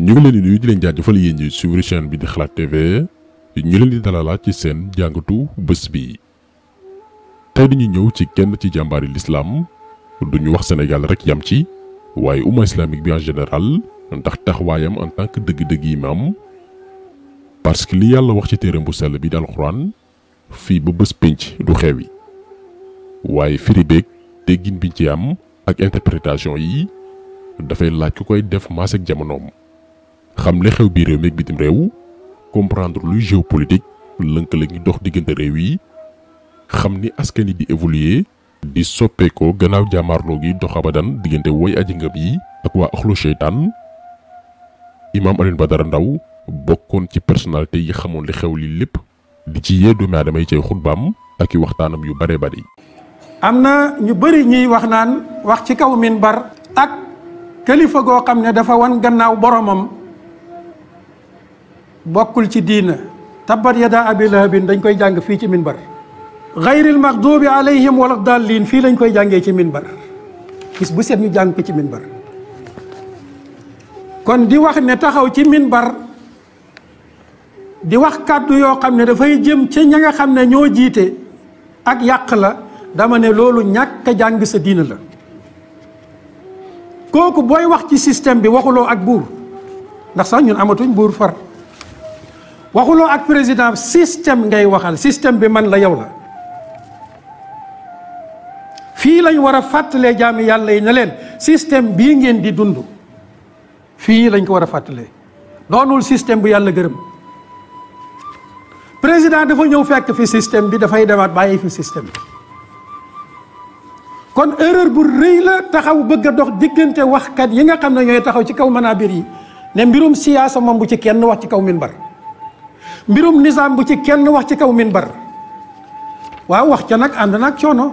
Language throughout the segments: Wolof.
ñu ngi leen di nuyu di leen jaajëfal yéen ñi suivre chaîne bi di xalaat TV ñu leen di dalalaat ci seen jàngatu bés bi. tey dañuy ñëw ci kenn ci jàmbaari lislaam duñu wax Sénégal rek yam ci waaye umma islamique bi en général ndax taxawaayam en tant que dëgg-dëgg imaam parce que li yàlla wax ci téeram bu sell bi di alxuraan fii ba bés pénc du xew yi waaye firi beeg déggin biñ ci am ak interprétation yi dafay laaj ku koy def maas jamonoom. xam li xew bi réew meeg bitim réew comprendre lu géopolitique la ngi dox diggante réew yi xam ni askani di évoluer di soppeekoo gannaaw jàmmaarloo gi dox abadan diggante way aji ngëb yi ak wa akhlu shaytan imam alin badar Ndaw bokkon ci personnalité yi xamone li xew li lepp di ci yee ma damay ci khutbam ak waxtanam yu bare bare amna ñu bari ñi wax naan wax ci kaw minbar ak kalifa go xamne dafa wan gannaaw boromam bokul ci diina tabbar yada abi lahabin dañ koy jang fi ci minbar ghayril maghdubi alayhim wal dallin fi lañ koy jangé ci minbar gis bu set ñu jang ko ci minbar kon di wax ne taxaw ci minbar di wax kaddu yo xamne da fay jëm ci ña nga ñoo ak yaq la dama ne loolu jang sa diina la koku boy wax ci système bi waxulo ak buur ndax sax ñun amatuñ buur far waxuloo ak président système ngay waxal système bi man la yow la fii lañ war a fàttalee jaami yàlla yi ne leen système bii ngeen di dund fii lañ ko war a fàttalee doonul système bu yàlla gërëm président dafa ñëw fekk fi système bi dafay demaat bàyyi fi système bi kon erreur bu rëy la taxaw bëgg a dox diggante wax kat yi nga xam ne ñooy taxaw ci kaw manaabir yi ne mbirum siyaasa moom bu ci kenn wax ci kaw minbar mbirum nizaam bu ci kenn wax ci kaw bar waaw wax ca nag ànd nag coono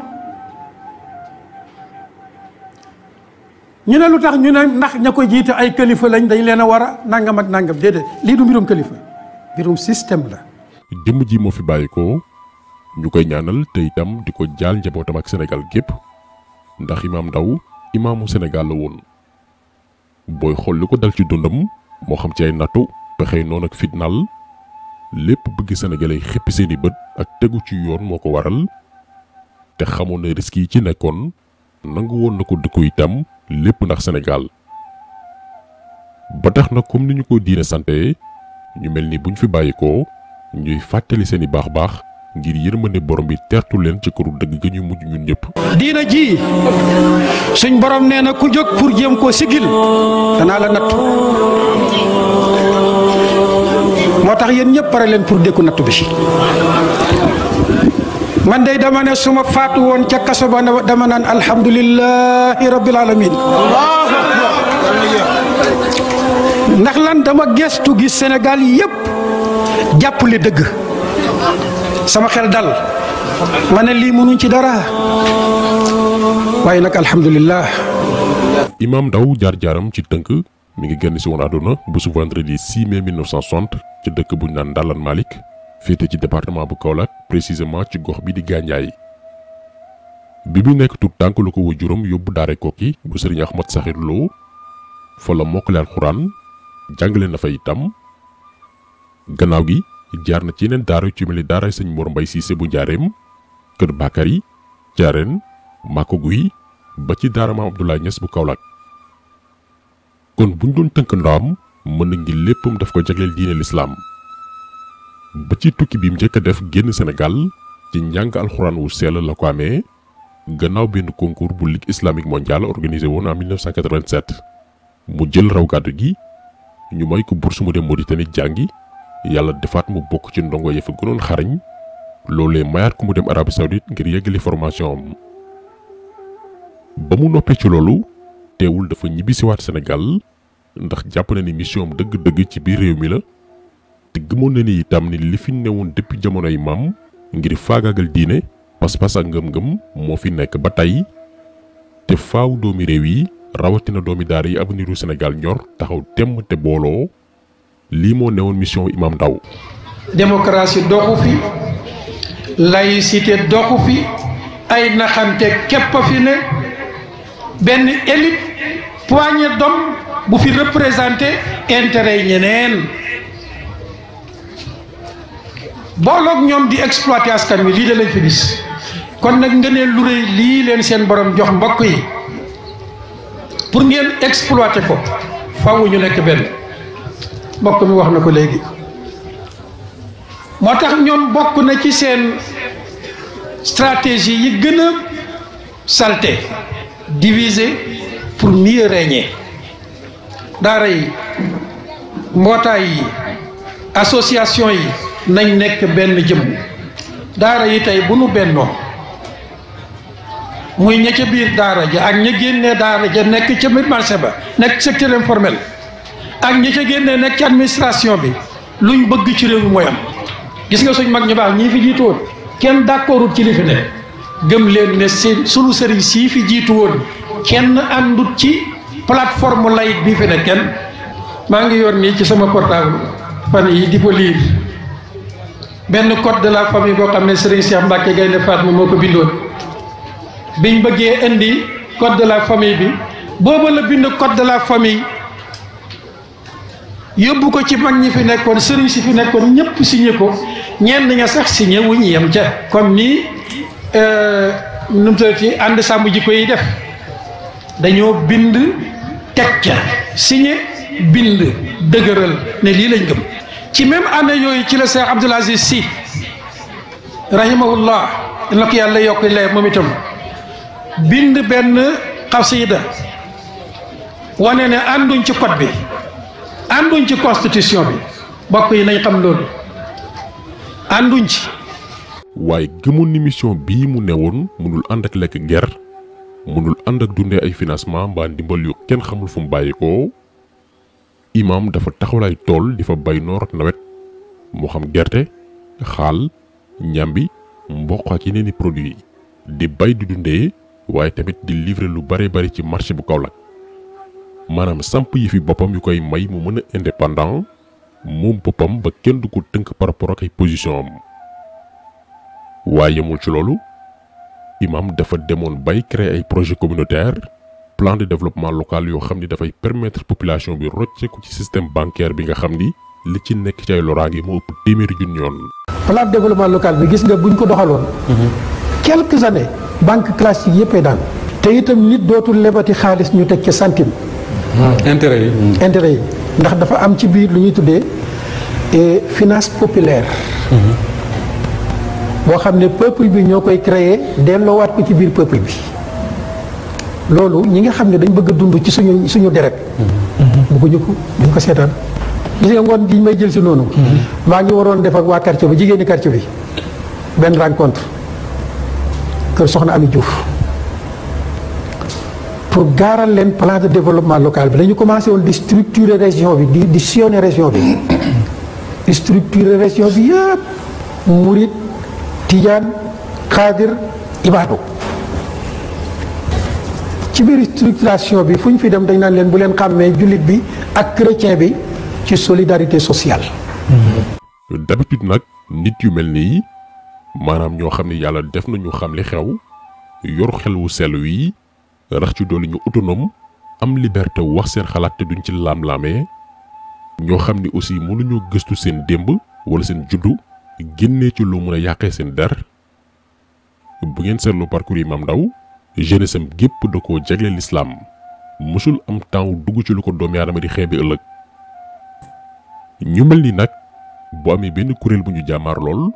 ñu ne lu tax ñu ne ndax ña ko jiite ay kalifa lañ dañ leen a war a nangam ak nangam déedéet lii du mbirum kalifa mbirum système la. jëmm ji moo fi bàyyi ko ñu koy ñaanal te itam di ko jaal njabootam ak Sénégal gépp ndax imaam Ndao imaamu Sénégal la woon booy xool li ko dal ci dundam moo xam ci ay nattu pexe noonu ak fitnaal. lépp bëgg sénégalais xépp seeni bët ak tegu ci yoon moko waral te xamone risque yi ci nekkoon nangu woon nako ko dëkku itam lepp ndax sénégal ba tax na kum niñu ko diiné santé ñu melni buñ fi bayiko ñuy fatali seeni bax bax ngir yërmande borom bi tertu len ci kuru dëgg ga ñu mujj ñun ñëpp. diina ji suñ borom nee ku jóg pour jëm ko sigil dana la nattu motax yeen ñepp paré len pour dékku nattu bi ci man day dama ne suma faatu won ca kasso dama nan alhamdulillahi rabbil alamin ndax lan dama gestu gi sénégal yépp jàppale dëgg sama xel dal ma ne lii mënuñ ci dara waaye nag alhamdulillah imam daw jaar jaaram ci tënk mi ngi ci won aduna bu su vendredi 6 mai 1960 ci dekk bu ñaan Ndalane malik fété ci département bu Kaolack précisément ci gox bi di Gandiaye bi bi nek tout tank lu ko waajuram yobbu daare kokki bu serigne Ahmad Saxir Lo fa la leer quran jangale na fa itam gannaaw gi jaar na ci yeneen daara ci mili ni daara sëñ Mor Mbay Siise bu jaarem keur Bakary jaareen Mako Guy ba ci daara Abdoulaye Niass bu Kaolack kon buñ doon teunk ndam mën ngi leppum daf ko jagleel diine l'islam ba ci tukki bi mu njëkk def génn sénégal ci njàng alcorane wu sell la ko amé gannaaw benn concours bu ligue islamique mondial organisé won en 1987 mu jël raw gaddu gi ñu moy ko bourse mu dem mauritanie jangi yalla defaat mu bok ci ndongo ya fa gënoon xarañ lolé mayaat ko mu dem arabie saoudite ngir yeggali formation ba mu noppé ci lolou téwul dafa wat sénégal ndax jàpp na ni mission dëgg-dëgg ci biir réew mi la te gëmoon na ni itam ni li fi newoon depuis jamonoy maam ngir faagaagal diine pas-pas ak ngëm-ngëm moo fi nekk ba tey te faaw doomi réew yi rawatina doomi daara yi aveniru senegal ñor taxaw temm te booloo lii moo newoon mission Imam Ndao démocratie doxu fi laïcité doxu fi ay naxante képp fi ne benn élite poignée d'hommes bu fi représenter intérêt yi ñeneen booloog ñoom di exploité askan wi lii da lañ fi gis kon nag ngeen lu rëy lii leen seen borom jox mbokk yi pour ngeen exploiter ko faaw ñu nekk benn mbokk mi wax na ko léegi moo tax ñoom na ci seen stratégie yi gën salté diviser pour mieux régner daara yi mbootaay yi association yi nañ nekk benn jëm daara yi tey bu nu bennoo muy ña ca biir daara ja ak ña génnee daara ja nekk ca biir marché ba nekk secteur informel ak ña ca génnee nekk ci administration bi luñ bëgg ci réew mi mooy am gis nga suñ mag ñu baax ñii fi jiitu kenn d'accordul ci li fi leen ne sunu sëriñ sii fi jiitu woon kenn àndut ci plateforme laïque bi fi ne kenn maa ngi yor nii ci sama portable fan yi di ko benn code de la famille boo xam ne Serigne Cheikh Mbacke Gaynde Fatma moo ko bindoon biñ bëggee indi code de la famille bi booba la bind code de la famille yóbbu ko ci mag ñi fi nekkoon sëriñ si fi nekkoon ñëpp signé ko ñenn ña sax signé wuñ yem ca comme ni euh, nu mu ànd sàmm jikko yi def dañoo bind teg ca signé bind dëgëral ne lii lañ gëm ci même année yooyu ci la Cheikh Abdoul Aziz Sy rahimahullah na yàlla yokk leer moom itam bind benn xasida wane ne ànduñ ci code bi ànduñ ci constitution bi bokk yi nañ xam loolu ànduñ ci waaye gëmoon ni mission bii mu newoon mënul ànd ak lekk ger mënul ànd ak dundee ay financement mbaa ndimbal yu kenn xamul fu mu imam dafa taxawal ay tool di fa bay noor ak nawet moo xam gerte xaal ñambi mboq ak yeneeni produit di bay di dundee waaye tamit di livrer lu bare bari ci marché bu Kaolack maanaam samp yi fi boppam yu koy may mu mën a indépendant moom boppam ba kenn du ko tënk par rapport ak ay position am waaye ci loolu imam dafa demoon bay créer ay projet communautaire plan de développement local yo xamni ni dafay permettre population bi ko ci système bancaire bi nga xamni ni li ci nek ci ay loraange moo ëpp téeméeri junni yoon. plan de développement local bi gis nga buñ ko doxalon mhm. quelques années banque classique yëppay daan. té itam nit dootul lebati xaalis ñu tek ci centime. Ah, intérêt hmm. intérêt ndax dafa am ci biir lu ñuy et eh, finance populaire. Mhm. boo xam ne peuple bi ñoo koy créer delloowaat ko ci biir peuple bi loolu ñi nga xam ne dañ bëgg a dund ci suñu suñu deret bëgguñu ko duñ ko seetaan gis nga ngoon gi jël si noonu maa ngi waroon def waa quartier bi jigéeni quartier bi benn rencontre kër soxna Ami Diouf pour gaaral leen plan de développement local bi dañu commencé woon di structurer région bi di di sillonner région bi structurer région bi yëpp murit Tijaan kaadir Ibaadu ci biir structuration bi fu ñu fi dem dañ naan leen bu leen xàmmee jullit bi ak chrétien bi ci solidarité sociale. d'habitude nag nit yu mel nii maanaam ñoo xam ne yàlla def nañu xam li xew yor xel wu sell wi rax ci doole ñu autonome am liberté wax seen xalaat te duñ ci laam-laamee ñoo xam ni aussi mënuñoo gëstu seen démb wala seen juddu. génnee ci lu mun a yàqee seen der bu ngeen seetlu parcours yi Mame Ndao jeunesse am gépp du ko jagle lislaam mësul am temps dugg ci lu ko doom doomi aadama di xeebi ëllëg ñu mel ni nag bu amee benn kuréel bu ñu jàmmaar lool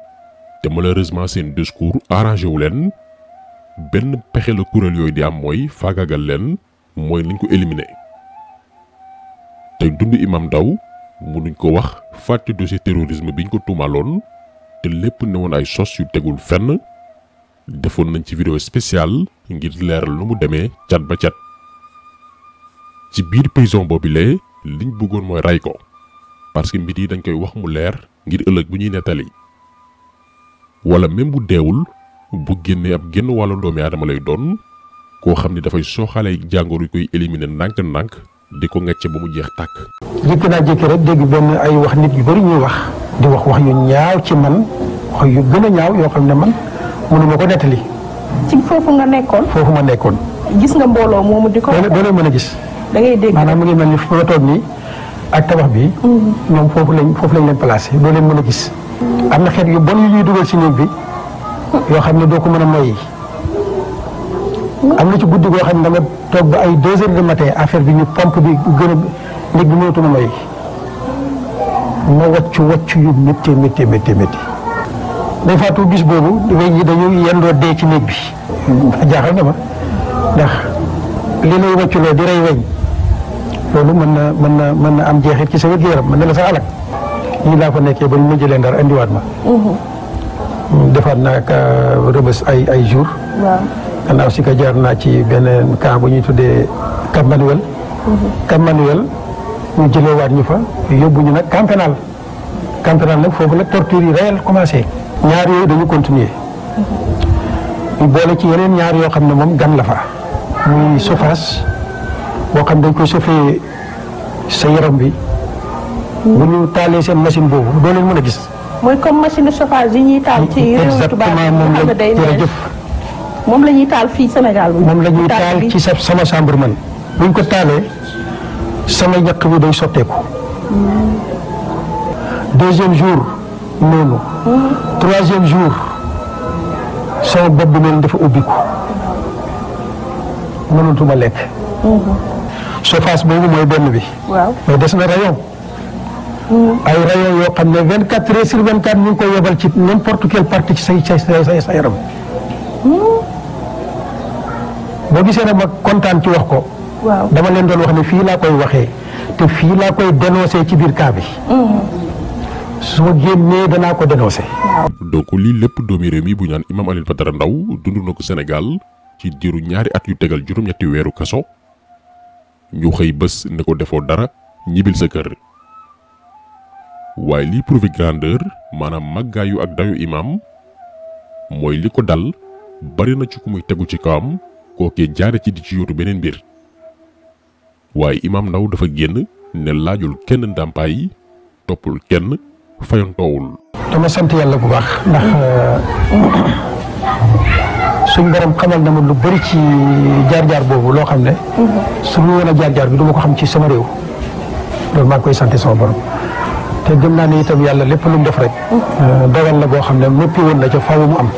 te malheureusement seen discours arrangé wu leen benn pexe la kuréel yooyu di am mooy faagagal leen mooy nañ ko éliminé te dund Imam Ndao mënuñ ko wax fàtte dossier terrorisme biñ ko tuumaaloon te lepp ne woon ay sos yu tegul fenn defon nañ ci vidéo spéciale ngir leeral lu mu démé chat ba chat ci biir prison boobilee liñ bëggoon moy ray ko parce que mbir yi dañ koy wax mu leer ngir ëlëk bu ñuy netali wala même bu déwul bu génné ab génn walu doomi lay doon jangoru koy éliminer nank nank diko ko bu mu jeex tak jékki naa rek dégg ben ay wax nit yu bari ñuy wax di wax wax yu ñaaw ci man wax yu gën a ñaaw yoo xam ne man mënuma ko nettali. ci foofu nga nekkoon. foofu ma nekkoon. gis nga mbooloo moomu di ko. doo leen mën a gis. da ngay dégg maanaam ngi mel ni fu ma nii ak tabax bi. Mhm. ñoom foofu lañ foofu lañ leen placé doo leen mën a gis. am na xeet yu bon yu ñuy dugal ci néeg bi yoo xam ne doo ko mën a moyyi. am na ci guddi goo xam ne dama toog ba ay deux heures de matin affaire bi ñu pompe bi gën a néeg bi mënatuma moyyi. ma wàcc wàcc yu méttee méttee méttee méttee day faatu gis boobu weñ yi dañuy yendoo dee ci néeg bi jaaxal na ma ndax li lay wàcculoo di rey weñ loolu mën na mën na mën na am jeexit ci sa wér-gu-yaram mën na la sax alak lii laa ko nekkee ba ñu ma jëlee ndar andiwaat ma mhm. defaat naa ak euh, rëbës ay ay jour gannaaw si ka jaar naa ci beneen camp bu ñuy tuddee Cap Manuel mhm. Cap Manuel ñu waat ñu fa yóbbu ñu nag camp pénal nag foofu la torture yi réel commencé ñaar yooyu dañu continuer ñu boole ci yeneen ñaar yoo xam ne moom gan fa muy sofaas boo xam dañ koy sofee sa bi bu ñu seen machine boobu doo mën a gis mooy comme machine de chauffage yi ñuy taal ci réew tubaab yi jërëjëf moom la ñuy taal fii Sénégal moom la ñuy taal ci sa sama chambre man buñ ko taalee sama ñàkk bi day sotteeku deuxième jour noonu troisième jour sama bopp bi noonu dafa ubbiku mënatuma lekk surface boobu mooy benn bi mais des na rayon ay rayon yoo xam ne vingt quatre heures sur vingt quatre ñu ngi koy yebal ci n'importe quelle partie ci say say say sa yaram hmm. boo gisee ne ma kontaan ci wax ko dama leen doon wax ne fii laa koy waxee te fii laa koy dénoncé ci biir cas bi. Mm. génnee danaa ko dénoncé. donc lii lépp doomi réew mi bu ñaan imam Alioune Badara ndaw dund na ko Sénégal ci diiru ñaari at yu tegal juróom weeru kaso ñu xëy bés ne ko defoo dara ñibbil sa kër waaye lii prouvé grandeur maanaam màggaayu ak dayu imam mooy li ko dal bari na ci ku muy tegu ci kawam kookee jaare ci di ci yóotu beneen mbir. waye imam ndaw dafa genn ne lajul kenn ndampay topul kenn fayantoowul dama sante yalla bu baax ndax euh, suñu borom xamal na lu bari ci jaar-jaar bobu lo xamne suñu woon jaar-jaar bi duma ko xam ci sama rew do ma koy sante sama borom te gëm na ni itam yalla lepp lu def rek euh, dogal la go xamne noppi na ci faawu mu am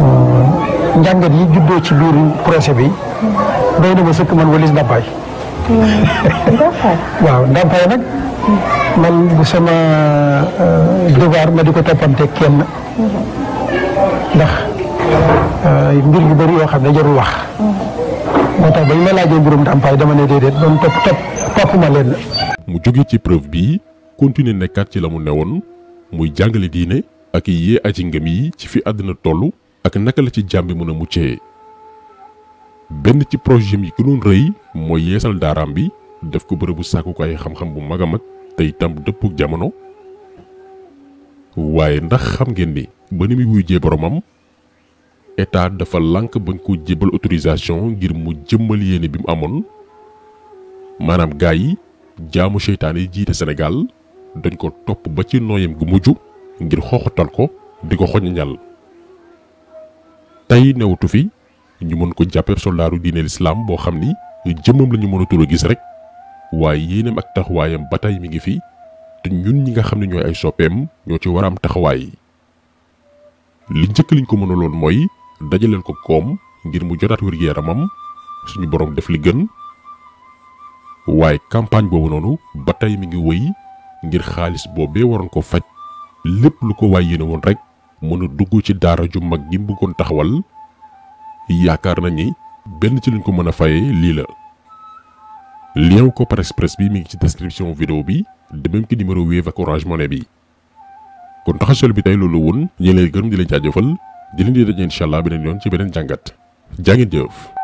euh, njàngat yi juddo ci biir projet bi doy na ma sëkk man walis ndàmpaay. ndàmpaay. waaw ndàmpaay nag. man bu sama devoir ma di ko toppante kenn. ndax mbir yu bëri yoo xam ne jarul wax. moo tax ba ma laajee mbirum ndàmpaay dama ne déedéet ba topp topp topp ma leen. mu jóge ci preuve bi continuer nekkaat ci la mu newoon muy jàngale diine ak yee aji ngëm yi ci fi àddina toll ak naka la ci jàmbi mën a muccee. benn ci projet yi gënoon rëy mooy yeesal daaraam bi def ko bërëbu sàkkukaay xam-xam bu mag a mag te itam dëppug jamono waaye ndax xam ngeen ni ba ni muy jee boromam état dafa lànk bañ koo jébbal autorisation ngir mu jëmmal yéene bi mu amoon maanaam gaa yi jaamu seytaane yi jiite senegal dañ ko topp ba ci nooyam gu mujj ngir xooxatal ko di ko xoññal tey newatu fi. ñu mën ko jappé soldaru diiné l'islam bo xamni jëmum lañu mën a gis rek waye yéenam ak taxwayam batay mi ngi fi te ñun ñi nga xamni ñoy ay sopem ñoo ci war am taxawaay li jëk liñ ko lon moy dajaleel ko kom ngir mu jotat wër yaramam suñu borom def li gën waye campagne bobu nonu batay mi ngi wëy ngir xaaliss bobé waron ko fajj lepp lu ko wayé yéene rek mën a dugg ci dara ju mag gi mbugon taxwal yaakaar nañ ni benn ci luñ ko mën a fayee lii la. lien wu Kopar Express bi mi ngi ci description vidéo bi de ki que numéro Wave ak Orange Money bi. kon taxachal bi tey loolu woon ñu ngi gën gërëm di leen jaajëfal di leen di daje incha beneen yoon ci beneen jàngat jaa ngeen jëf.